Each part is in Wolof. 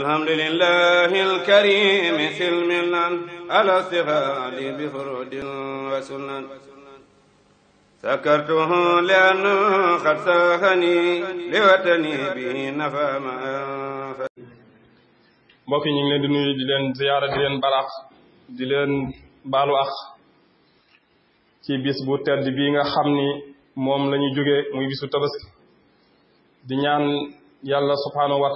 الحمد لله الكريم سلم على استغال بفرود وسنن سكرته لأنه قد ساهني لوطني به نفى ما mbokk yi ñu ngi leen di nuyu di leen ziyaara di leen barax di leen baalu ax ci bis bu tedd bii nga xam ni moom lañu jóge muy bisu tabaski di ñaan yàlla subhaanahu wa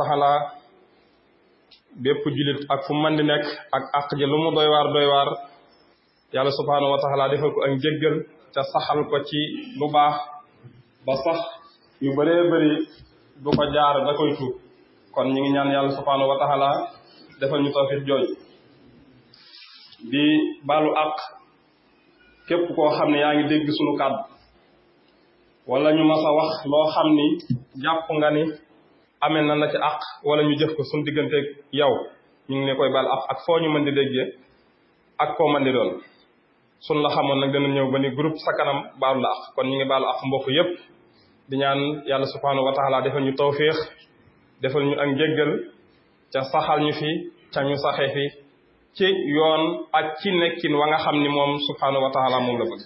bépp jullit ak fu man di nekk ak àq ja lu mu doy waar doy waar yàlla subhaanahu wa taala defal ko ak saxal ko ci lu baax ba sax yu bëree bëri du ko jaar da koy tuub kon ñu ngi ñaan yàlla subhaanahu wa taala defal ñu tawfiq jooju di baalu àq képp koo xam ne yaa ngi dégg sunu kàddu wala ñu mas wax loo xam ni jàpp nga ni amee nan la ci àq wala ñu jëf ko suñu digganteeg yow ñu ngi ne koy baal ak foo ñu mën di déggee ak koo mën di doon suñ la xamoon nag dana ñëw ba ni groupe sa kanam baalu la àq kon ñu ngi baalu àq mbokk yépp di ñaan yàlla subhanahu wa taala defal ñu tawfiix defal ñu ak njéggal ca saxal ñu fi ca ñu saxee fi ci yoon ak ci nekkin wa nga xam ni moom subhanahu wa taala moom la bëgg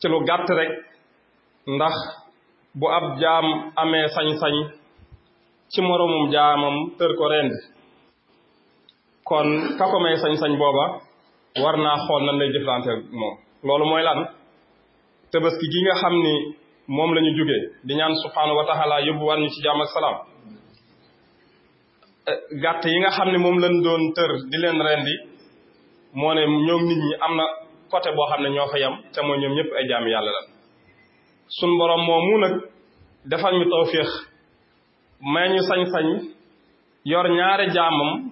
ci lu gàtt rek ndax bu ab jaam amee sañ-sañ ci moroomum jaamam tër ko rendi kon ka may sañ-sañ booba war naa xool nan lay jëflanteel moom loolu mooy lan tabaski gi nga xam ni moom la ñu jógee di ñaan subhaanahu wa yóbbu war ñu ci jàmm ak salaam eh, gàtt yi nga xam ne moom lañ doon tër di leen rendi moo ne ñoom nit ñi am na côté boo xam ne ñoo fa yem te ñoom ñëpp ay jaami yàlla la sun borom moomu nag defal ñu tawféex may ñu sañ-sañ yor ñaari jaamam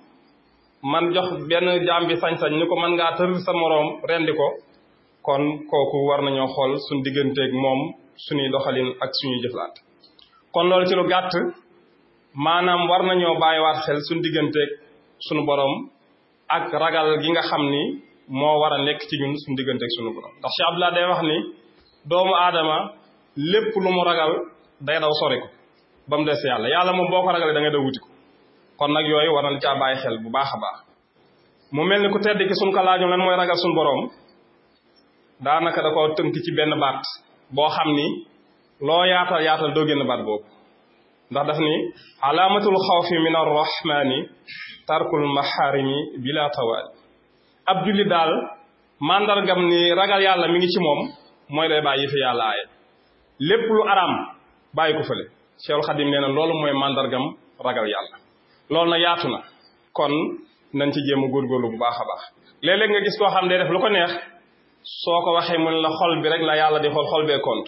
man jox benn jaam bi sañ-sañ ni ko mën ngaa tër sa moroom rendi ko kon kooku war nañoo xool suñ digganteeg moom suñuy doxalin ak suñuy jëflaat kon loolu ci lu gàtt maanaam war nañoo bàyyiwaat xel suñ digganteeg suñu boroom ak ragal gi nga xam ni moo war a nekk ci ñun suñ digganteeg suñu borom ndax Cheikh Abdoulaye day wax ni doomu aadama lépp lu mu ragal day daw sori ko ba mu des yàlla yàlla moom boo ko ragalee da ngay da wuti ko kon nag yooyu war na caa bàyyi xel bu baax a baax mu mel ni ku tedd ki suñ ko laajoon lan mooy ragal suñ boroom daanaka ci benn baat boo xam ni loo yaatal yaatal doo génn baat boobu ndax daf ni alaamatul xawfi min arrahmani tarkul maharimi bila tawaal ab julli daal màndargam ni ragal yàlla mi ngi ci moom mooy day bàyyi fi yàlla aaye lépp lu araam bàyyi ko fële Cheikhul Khadim nee na loolu mooy màndargam ragal yàlla loolu na yaatu na kon nañ ci jéem a góorgóorlu bu baax a baax léeg-léeg nga gis koo xam day def lu ko neex soo ko waxee mu ne la xol bi rek la yàlla di xool xol bee kont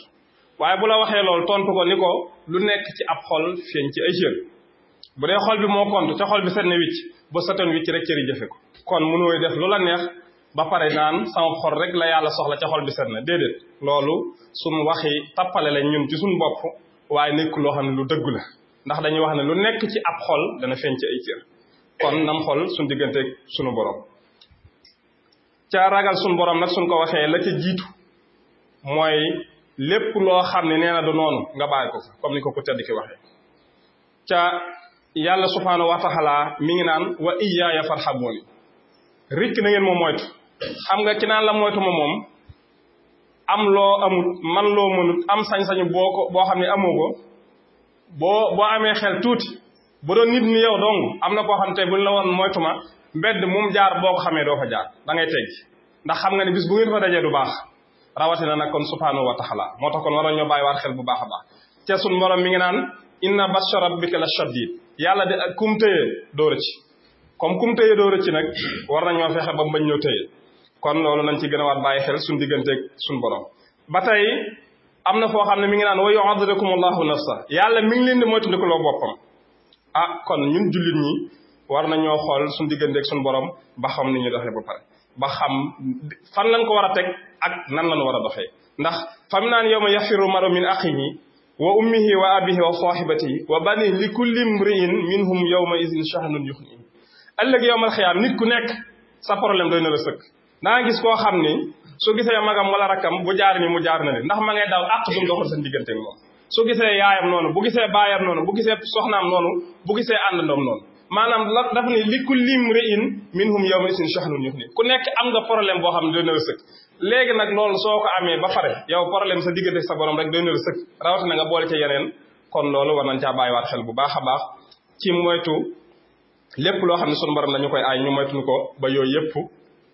waaye bu la waxee loolu tontu ko ni ko lu nekk ci ab xol feeñ ci ay cër bu dee xol bi moo kont te xol bi set na wicc ba setoon wicc rek cër jëfe ko kon mënooy def lu la neex ba pare naan sama xol rek la yàlla soxla ca xol bi set na déedéet loolu suñ waxi tappale la ñun ci suñ bopp waaye nekk loo xam ne lu dëggu la ndax dañuy wax ne lu nekk ci ab xol dana feeñ ci ay kon nam xol suñ digganteeg sunu borom ca ragal sunu borom nag suñ ko waxee la ca jiitu mooy lépp loo xam ne nee na du noonu nga bàyyi ko comme ni ko ko tedd ki waxee ca yàlla subhaanahu wa taala mi ngi naan wa iyaaya farxabooni rikk na ngeen moom moytu xam nga ki naan la moytu moom am loo amut man loo mënut am sañ-sañu boo ko boo xam ne amoo boo boo amee xel tuuti bu doon nit ni yow dong am na koo xam tey buñ la woon moytuma mbedd moom jaar boo ko xamee doo fa jaar da ngay teggi ndax xam nga ne bis bu ngeen fa dajee du baax rawatina nag kon subhaanahu wa taala moo tax kon waroon ñoo bàyyi waat xel bu baax a baax te sun borom mi ngi naan inna batsha rabbika la shadid yàlla de ak kum téye dóora ci comme kum téye dóora ci nag war nañoo fexe ba mbañ ñoo téye kon loolu nañ ci gën a waat bàyyi xel suñ digganteeg suñ borom ba tey am na foo xam ne mi ngi naan wa yu'adhirukum allahu nafsa yàlla mi ngi leen di moytandikuloo boppam ah kon ñun jullit ñi war nañoo xool suñ digganteeg suñ boroom ba xam ni ñu doxee ba pare ba xam fan lañ ko war a teg ak nan lañ war a doxee ndax fam naan yawma yafiru maru min axihi wa ummihi wa abihi wa sahibatihi wa banihi li kulli imri'in minhum yawma idhin shahnun yughnihi ëllëg yawmal ku nekk sa problème na danga gis koo xam ni su gisee magam wala rakkam bu jaar ni mu jaar na li ndax ma ngay daw àq jum doxal seen diggante ak moom su gisee yaayam noonu bu gisee baayam noonu bu gisee soxnaam noonu bu gisee àndandoom noonu maanaam la dafa ni li ku lim ri in minhum yawma isin shahnun yuxni ku nekk am nga problème boo xam ne doy la sëkk léegi nag loolu soo amee ba pare yow problème sa diggante sa borom rek doy na la sëkk rawatina nga boole ca yeneen nañ caa bàyyiwaat xel bu baax a baax ci moytu lépp loo xam ne sunu borom dañu koy aay ñu moytuñu ko ba yooyu yëpp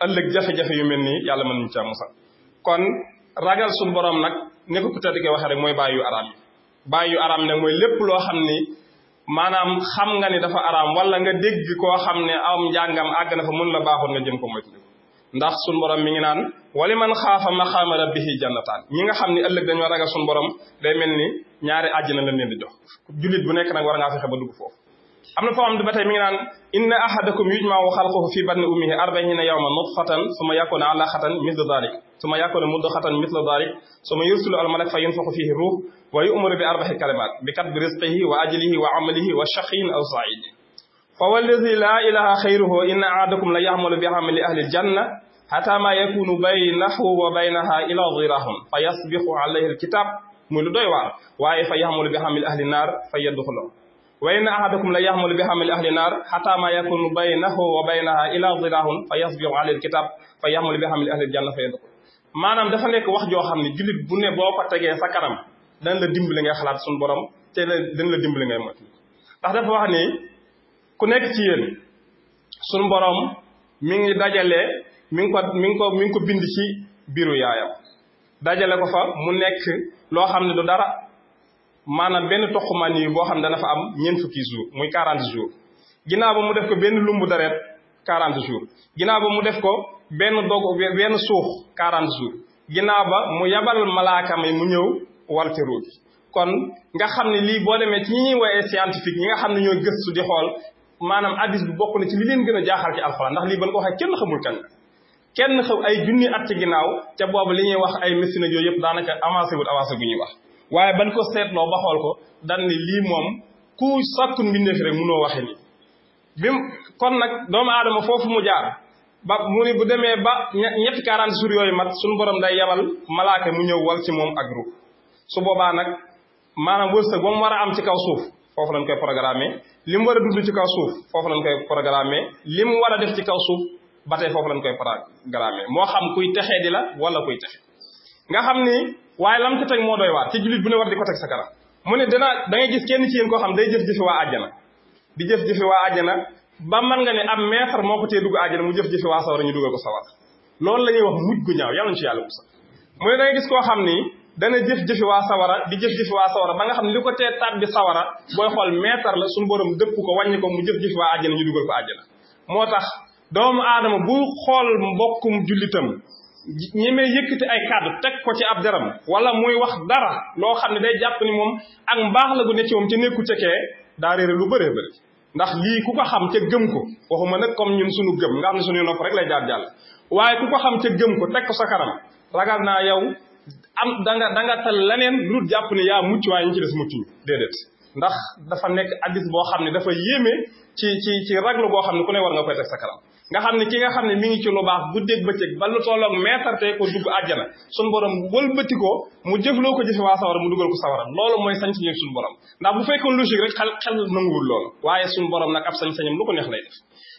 ëllëg jafe-jafe yu mel nii yàlla mën nañu caa kon ragal suñu borom nag ne ko ku tedd waxee rek mooy bàyyi yu araam yi bàyyi yu araam yi nag mooy lépp loo xam ni maanaam xam nga ni dafa araam wala nga dégg koo xam ne am njàngam àgg na fa mun la baaxoon nga jëm ko moytu ndax suñu borom mi ngi naan wali man xaafa maqaama rabbihi jannataan ñi nga xam ne ëllëg dañoo ragal suñu borom day mel ni ñaari àjjana lañ leen di jox jullit bu nekk nag war ngaa fexe ba dugg foofu am na foo xam ne ba tey mi ngi naan inna ahadakum yujmau xalquhu fi batni ummihi arbaina yawma nutfatan summa yakuna alaqatan mithla dalik summa yakuna mudghatan mithla dalik summa yursulu almalak fa yunfaxu fihi ruux wa yu'maru bi arba'i kalimat bi katbi rizqihi wa ajlihi wa amalihi wa shaqin aw said fa wallazi la ilaha xayruhu inna ahadakum la ya'malu bi amali ahli aljanna hatta ma yakunu baynahu wa baynaha ila zirahun fa yasbiqu alayhi alkitab muy lu doy waar waaye fa ya'malu bi amali ahli naar fa yadxulu wa inna ahadakum la yaxmalu bi xamali ahli naar xataa maa na baynahu wa baynaha ila ziraahun fa yasbiru ala alkitab fa yaxmalu bi xamali ahli aljanna fa yadxul maanaam dafa nekk wax joo xam ne jullit bu ne boo ko tegee sa kanam dañ la dimbali ngay xalaat suñu borom te dañ la dimbali ngay mot ndax dafa wax ni ku nekk ci yéen suñu borom mi ngi dajale mi ngi ko mi ko mi ko bind ci biiru yaayam dajale ko fa mu nekk loo xam ne du dara maanaam benn toqumaan yi boo xam ne dana fa am ñeent fukki jours muy 40 jours ginnaaw ba mu def ko benn lumbu deret 40 jours ginaaw ba mu def ko benn dog benn suux 40 jours ginnaaw ba mu yabal malaakam yi mu ñëw walte ruuj kon nga xam ne lii boo demee ci ñi ñuy woowee scientifique ñi nga xam ne ñoo gëstu di xool maanaam addis bi bokk na ci li leen gën a jaaxal ci alxuraan ndax lii ba nga ko waxee kenn xamul kan kenn xaw ay junni at ci ginnaaw ca boobu li ñuy wax ay machine yooyu yëpp daanaka avancé wul avancé gu ñuy wax waaye ban ko seetloo ba xool ko dan ni lii moom ku sàkkun mbindeef rek munoo waxe nii bi mu kon nag doomu aadama foofu mu jaar ba mu ni bu demee ba ñetti quarante jours yooyu mat suñu borom day yabal malaaka mu ñëw wal ci moom ak ruux su boobaa nag maanaam wërsëg ba war a am ci kaw suuf foofu lañ koy programmé li mu war a dund ci kaw suuf foofu lañ koy programmé li mu a def ci kaw suuf ba tey foofu lañ koy programmé moo xam kuy texee di la wala kuy texe nga xam ni waaye lam ci teg moo doy waar ci jullit bu ne war di ko teg sa kanam mu ne dana da ngay gis kenn ci yéen koo xam day jëf-jëfi waa àjjana di jëf-jëfi waa àjjana ba man nga ne am maître moo ko tee dugg àjjana mu jëf-jëfi waa sawara ñu dugal ko sawar loolu la ñuy wax mujj gu ñaaw yàlla ñu ci yàlla musal mu ne da gis koo xam ni dana jëf-jëfi waa sawara di jëf-jëfi waa sawara ba nga xam ne li ko te tàbbi sawara booy xool maître la suñu borom dëpp ko wàññi ko mu jëf-jëfi waa àjjana ñu dugal ko àjjana moo tax doomu aadama bu xool mbokkum jullitam ñemee yëkkati ay kàddu teg ko ci ab deram wala muy wax dara loo xam ne day jàpp ni moom ak mbaax la gu ne ci moom te nekku ca kee daa réere lu bëree bëri ndax lii ku ko xam ca gëm ko waxuma nag comme ñun suñu gëm nga xam ne suñu nopp rek lay jaar jàll waaye ku ko xam ca gëm ko teg ko sa kanam ragal naa yow am danga danga tal leneen lu jàpp ne yaa mucc waaye ñu ci des mucc ñu déedéet ndax dafa nekk addis boo xam ne dafa yéeme ci ci ci raglu boo xam ne ku ne war nga koy teg sa kanam nga xam ne ki nga xam ne mi ngi ci lu baax guddeeg bëccëg ba lu tolloog meetar tey ko dugg àjjana suñu borom wëlbati ko mu jëfloo ko jëfe mu dugal ko sawara loolu mooy sañ sañu suñu borom ndax bu fekkoon logique rek xel xel nanguwul loolu waaye suñu borom nag ab sañ-sañam ko neex lay def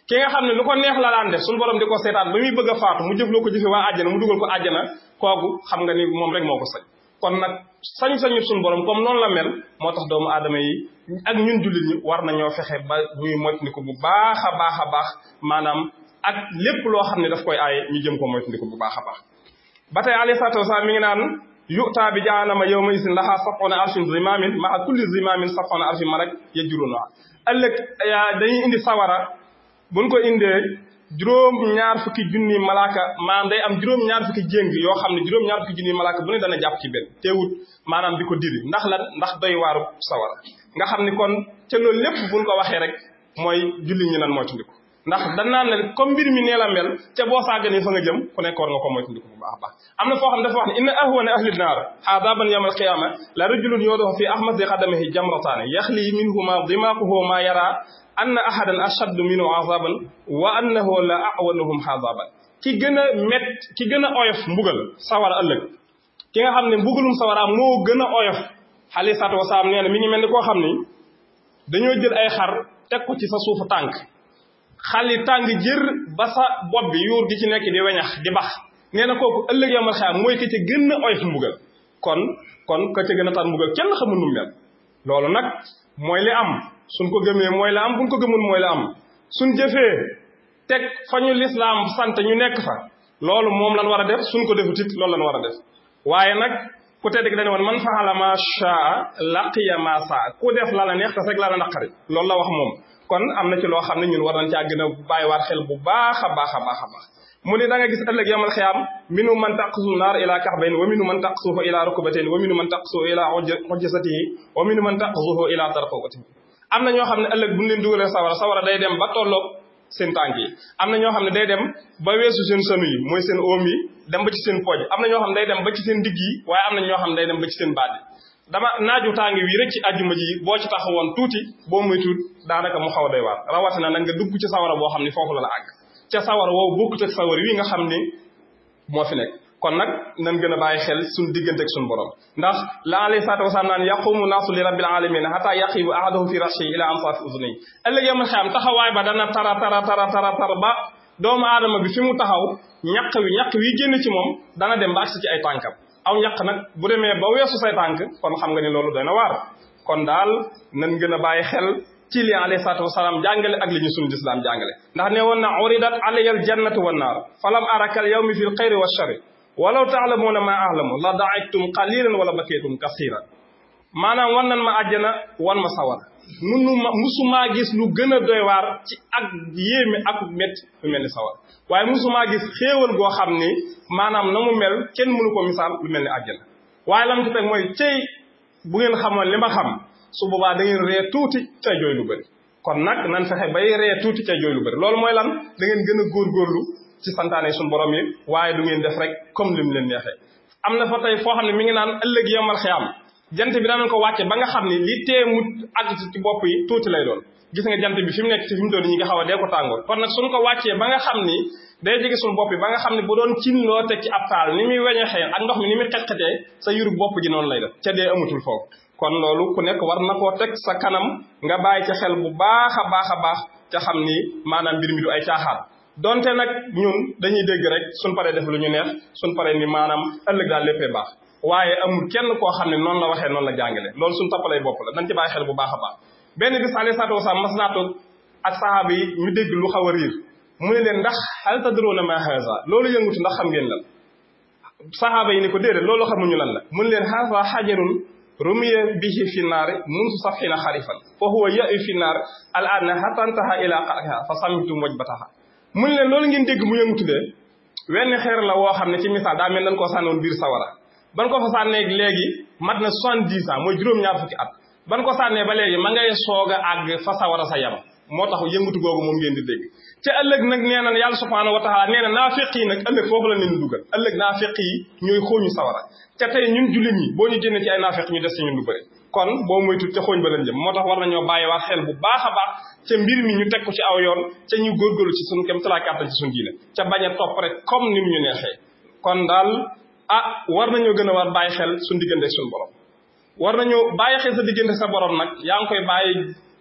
ki xam ne lu ko neex la daan def suñu borom di ko seetaan ba muy bëgg faatu mu jëfloo ko jëfe waa àjjana mu dugal ko àjjana kooku xam nga ni moom rek moo ko sañ kon nag sañ-sañu suñu borom comme noonu la mel moo tax doomu aadama yi ak ñun jullit ñi war nañoo fexe ba ñuy moytandiku bu baax a baax a baax maanaam ak lépp loo xam ne daf koy aaye ñu jëm ko moytandiku bu baax a baax ba tey alayhi salaatu wasalaam mi ngi naan yu'taa bi jahannama yawma isin lahaa sab'una alfin zimaamin maa kulli zimaamin sab'una alfin malak yajruuna ëllëg dañuy indi sawara buñ ko indee juróom ñaar fukki junni malaaka maanaam day am juróom ñaar fukki jéng yoo xam ne juróom ñaar fukki junni malaaka bu ne dana jàpp ci benn teewut maanaam di ko diri ndax lan ndax doy waaru sawara nga xam ni kon ca loolu lépp buñ ko waxee rek mooy julli ñi nan mooy ndax danaan leen comme mbir mi nee mel ca boo sàgganee fa nga jëm ku nekk war nga ko moytandiku bu baax a baax am na foo xam a dafa wax ne inna ahwana ahli naar azaban yawm alqiyama la rajulun yoodoxo fi ahmasi qadamihi jamrataani yaxli minhuma wa annahu la awanuhum ki gën a mett ki gën a oyof mbugal sawara ëllëg ki nga xam ne mbugalum sawara moo gën a oyof alayhi salaatu wasalaam nee na mi ngi mel ni koo xam ni dañoo jël ay xar teg ko ci sa suufu tànk xali tàng jër ba sa bopp bi yuur gi ci nekk di weñax di bax nee na kooku ëllëg yomal xaam mooy ka ca gën a oyof mbugal kon kon ka ca gën a tar mbugal kenn xamu nu mel loolu nag mooy li am suñ ko gëmee mooy la am buñ ko gëmul mooy la am suñ jëfee teg fa ñu lislaam sant ñu nekk fa loolu moom lan war a def suñ ko defutit loolu lan war a def waaye nag ku tedd gi dañu woon man faala ma shaa laqiya ma saa ku def la la neex te rek la la naqari loolu la wax moom kon am na ci loo xam ne ñun war nañ caa gën a bàyyiwaat xel bu baax a baax a baax a baax mu ne da nga gis ëllëg yawmal xiyaam minu man taqsu naar ila kaxbayn wa minu man taqsuhu ila rukbatayn wa minu man taqsuhu ila xojjasatihi wa minu man taqsuhu am na ñoo xam ne ëllëg bu leen dugalee sawara sawara day dem ba tolloog seen tànk am na ñoo xam ne day dem ba weesu seen sënu mooy seen oom yi dem ba ci seen pooj am na ñoo xam ne day dem ba ci seen baat dama naaju tàng wii rek ci àjjuma ji boo ci taxawoon tuuti boo muy tuut daanaka mu xaw a doy waar rawatina nag nga dugg ci sawara boo xam ne foofu la la àgg ca sawara woowu bokkut ak sawara wi nga xam ne moo fi nekk kon nag nan gën a bàyyi xel suñ diggante ak suñ borom ndax la alayhi salaatu wasalaam naan yaqumu naasu li rabbil alamin hatta yaqibu ahaduhu fi rashi ila ansaafi uzuniy ëllëg yamal xaam taxawaay ba dana tara tara tara ba doomu aadama bi fi mu taxaw ñaq wi ñaq wi génn ci moom dana dem ba ci ay tànkam aw ñaq nag bu demee ba weesu say tànk kon xam nga ni loolu doy na waar kon daal nan gën a bàyyi xel ci li alayhi salaatu wasalaam jàngale ak li ñu sunu lislaam jàngale ndax ne woon na uridat alayya aljannatu wannaar falam arakal yawmi fi lxayri wa shari walaw taalamuuna maa ahlamu la daaytum qalilan wala bakaytum kasiran maanaam wan nan ma àjjana wan ma sawara munu ma musumaa gis lu gën a doy waar ci ak yéeme ak mett fu mel ni sawar waaye musumaa gis xéewal goo xam ni maanaam na mu mel kenn mënu ko misaal lu mel ni àjjana waaye lam ci teg mooy cey bu ngeen xamoon li ma xam su boobaa da ngeen ree tuuti ca jooy lu bëri kon nag nan fexe bay ree tuuti ca jooy lu bëri loolu mooy lan da ngeen gën a góorgóorlu ci santaane suñu borom yi waaye du ngeen def rek comme lim leen neexee am na fa tey foo xam ne mu ngi naan ëllëg yomal xiyam jant bi danañ ko wàcce ba nga xam ne li tee mu àgg ci bopp yi tuuti lay doon gis nga jant bi fi mu nekk ci fi mu doon ñi nga xaw a dee ko tàngoor kon nag ko wàccee ba nga bopp bi ba nga ne bu doon cin loo teg ci ab taal ni muy weñe xee ak ndox mi ni muy xetxetee sa yurub bopp ji lay def ca dee amatul kon loolu ku nekk war na koo teg sa kanam nga bàyyi ca xel bu baax a baax a baax ca xam ni maanaam mbir mi du ay caaxaan donte nag ñun dañuy dégg rek suñ paree def lu ñu neex suñ paree ni maanaam ëllëg daal léppee baax waaye amul kenn koo xam ne noonu la waxee noonu la jàngale loolu suñu toppalay bopp la dañ ci bàyyi xel bu baax a baax benn bis alei salatu wasalaam mas naa toog ak sahaaba yi ñu dégg lu xaw a riir mu ne leen ndax hal tadruna ma haza loolu yëngutu ndax xam ngeen lan sahaaba yi ne ko déedéet loolu xamuñu lan la mu ne leen haza xajarun rumiya bihi fi naari munsu safxina xarifan fa huwa ya'i fi naar al aana hatta intaha ila qarqiha fa samitum wajbataha mu ne loolu ngeen dégg mu yëngutu de wenn xeer la woo xam ne ci misaal daa mel dañ koo sànnoon biir sawara ban ko fa sànnee léegi mat na soixante-dix mooy juróom-ñaar fukki at ban ko sànnee ba léegi ma ngay soog a àgg fa sa war a sa yam moo tax yëngatu googu moom ngeen di dégg ca ëllëg nag nee na yàlla subhaanahu wa taala nee na naafiq yi nag ëllëg foofu la leen dugal ëllëg naafiq yi ñooy xooñu sawara ca tey ñun jullit ñi boo ñu génne ci ay naafiq ñu des ci ñun lu bëri kon boo moytu ca xooñ ba lañ jëm moo tax war nañoo bàyyiwaat xel bu baax a baax ca mbir ñu teg ko ci aw yoon ca ñu góorgóorlu ci suñu kem talaa kàttan ci suñu diine ca comme ni mu ñu neexee ah war nañoo gën a war bàyyi xel suñ diggante suñu borom war ñoo bàyyi xel sa diggante sa borom nag yaa ngi koy bàyyi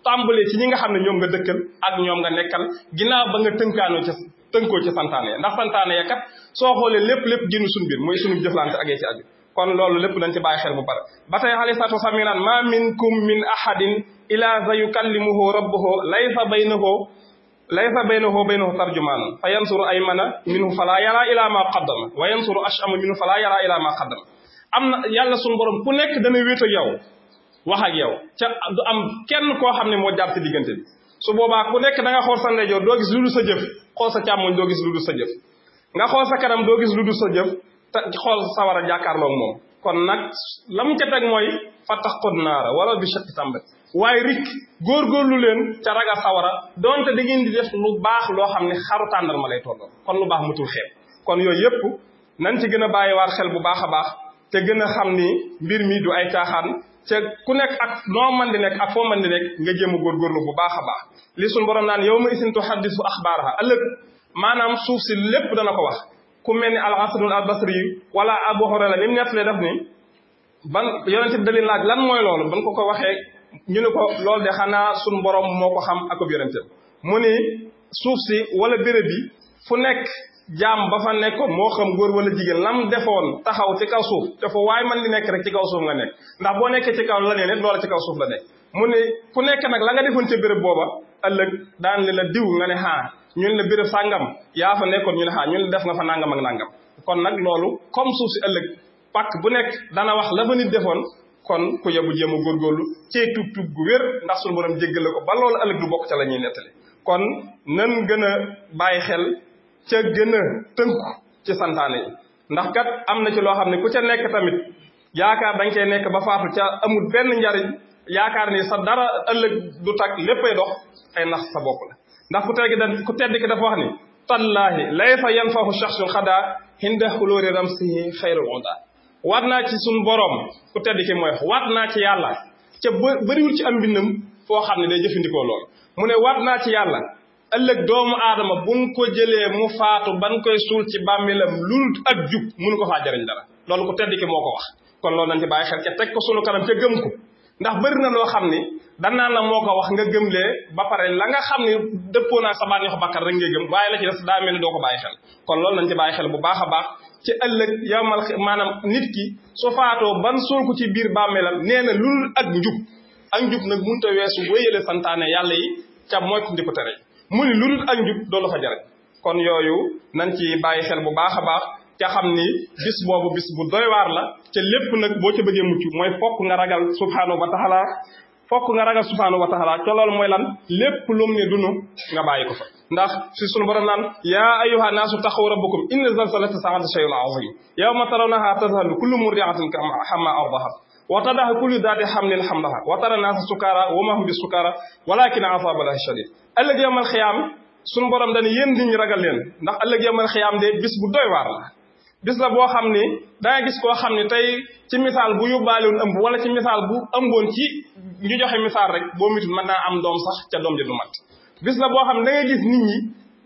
tàmbalee ci ñi nga xam ne ñoom nga dëkkal ak ñoom nga nekkal ginnaaw ba nga tënkaanoo ca tënkoo ca santaane ndax santaane ya kat soo xoolee lépp lépp génn suñu biir mooy suñu jëflante ak ci aju kon loolu lépp nañ ci bàyyi xel bu pare ba tey alayhi salaatu wasalaam mi naan ma minkum min ahadin ila sayukallimuhu rabbuhu laysa baynahu laysa baynahu wa baynahu tarjumaan fa yansuru aymana minhu fala yara ila ma qaddama wa yansuru ashama minhu fala yara ila ma qaddama am na yàlla suñu borom ku nekk dana wéet ak yow wax ak yow ca du am kenn koo xam ne moo jaar ci diggante bi su boobaa ku nekk da nga xool sa ndeyjoor doo gis lu dul sa jëf xool sa càmmoñ doo gis lu dul sa jëf nga xool sa kanam doo gis lu dul sa jëf te xool sa war a jàkkaarloog moom kon nag la mu mooy teg mooy fataqu naara wala bi shiqqi tamrat waaye rikk góorgóorlu leen ca ragal sawara donte da ngeen di def lu baax loo xam ne xaru ma lay tolloo kon lu baax mutul xeeb kon yooyu yëpp nañ ci gën a bàyyi bàyyiwaat xel bu baax a baax te gën a xam ni mbir mi du ay caaxaan te ku nekk ak noo man di nekk ak foo man di nekk nga jëm a góorgóorlu bu baax a baax li suñu naan yow ma isin tuhaddisu axbaaraha ëllëg maanaam suuf si lépp dana ko wax ku mel ni alxasanul albasri yi wala abu hurayra li mu nettalee daf ni ban yonente da laaj lan mooy loolu ban ko ko waxee ñu ne ko loolu xanaa suñ borom moo ko xam akub yonente mu ni suuf si wala béréb bi fu nekk jaam ba fa nekk moo xam góor wala jigéen lam defoon taxaw ci kaw suuf te fa waaye man li nekk rek ci kaw suuf nga nekk ndax boo nekkee ci kaw la nee nit loola ci kaw suuf la nekk mu ne ku nekk nag la nga defoon ci béréb booba ëllëg daan ne la diw nga ne xaa ñu ne la béréb sàngam yaa fa nekkoon ñu ne xaa ñu def nga fa nangam ak nangam kon nag loolu comme suuf si ëllëg pàkk bu nekk dana wax la fa nit defoon kon ku yebu jéem a góorgóorlu cee tub tub gu wér ndax suñu borom jéggale ko ba loolu ëllëg du bokk ca la ñuy nettali kon nan gën a bàyyi xel ca gën a tënku ci santaane yi ndax kat am na ci loo xam ne ku ca nekk tamit yaakaar dañ cay nekk ba faatu ca amul benn njariñ yaakaar ni sa dara ëllëg du takk léppay dox ay nax sa la ndax ku tedd ki ku tedd ki dafa wax ni tallaahi laysa yanfahu shaxsun xadaa hinda xulóori ramsihi xayrul oda waat naa ci suñ boroom ku tedd ki mooy waat naa ci yàlla ca bëriwul ci am mbindam foo xam ne day jëfandikoo lool mu ne waat naa ci yàlla ëllëg doomu aadama buñ ko jëlee mu faatu ban koy suul ci bàmmeelam lul ak jub mënu ko faa jariñ dara loolu ku tedd ki moo ko wax kon loolu nañ ci bàyyi xel ca teg ko sunu kanam ca gëm ko ndax bëri na loo xam ni danaan la moo ko wax nga gëm lee ba pare la nga xam ni dëppoo naa sa baat ñoo rek ngay gëm waaye la ci des daa mel doo ko bàyyi kon nañ ci bàyyi xel bu baax a baax ci ëllëg yowmal maanaam nit ki su faatoo ban suul ko ci biir bàmmeelam nee na lul ak njub ak njub nag mënut te weesu wéyale santaane yàlla yi ca mooy ko rek ko tere mu ni lulul ak njub doolu fa jare kon yooyu nañ ci bàyyi xel bu baax a baax te xam ni bis boobu bis bu doy waar la te lépp nag boo ca bëggee mucc mooy fokk nga ragal subhaanahu wa taala fokk nga ragal subhaanahu wa taala te loolu mooy lan lépp lum ne dunu nga bàyyi ko fa ndax si sunu borom naan yaa ayyuha naasu taqaw rabbakum inna zalzalata saa'ati shay'un azim yawma tarawnaha tazhalu kullu murdi'atin amma arda'at wa tada'u kullu daati hamlin hamlaha wa tara naasa sukara wa ma hum a sukara walakin azaaba llahi shadid ëllëg yawmal xiyaam sunu borom a yéen nit ñi ragal leen ndax ëllëg bis la boo xam ni danga gis koo xam ni tey ci misaal bu yóbbaalewoon ëmb wala ci misaal bu ëmboon ci ñu joxe misaal rek boo mitul mën naa am doom sax ca doom ja du mat bis la boo xam ne da ngay gis nit ñi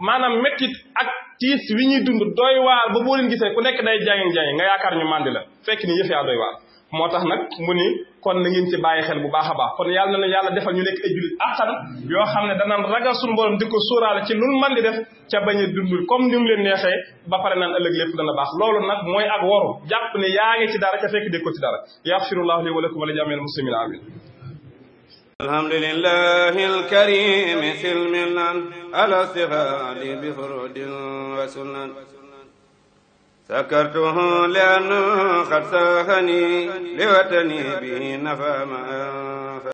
maanaam mettit ak tiis wi ñuy dund doy waar ba boo leen gisee ku nekk day jàngeen jàngeen nga yaakaar ñu màndi la fekk ni yëf a doy waar moo tax nag mu ni kon na ngeen ci bàyyi xel bu baax a baax kon yàlla na yàlla defal ñu nekk ay jullit àqan yoo xam ne danañ ragal suñu borom di ko sóoraale ci lu man di def ca bañ a dundul comme ni mu leen neexee ba pare naan ëllëg lépp dana baax loolu nag mooy ak waru jàpp ne yaa ngi ci dara ca fekk dégg ko ci dara yaxfirullahu li wa lakum wa li jaamil muslimin amin alhamdulillahi alkarim silmilan ala sihali bi furudin wa sunan سكرته لأنه قد ساخني لوطني به نفما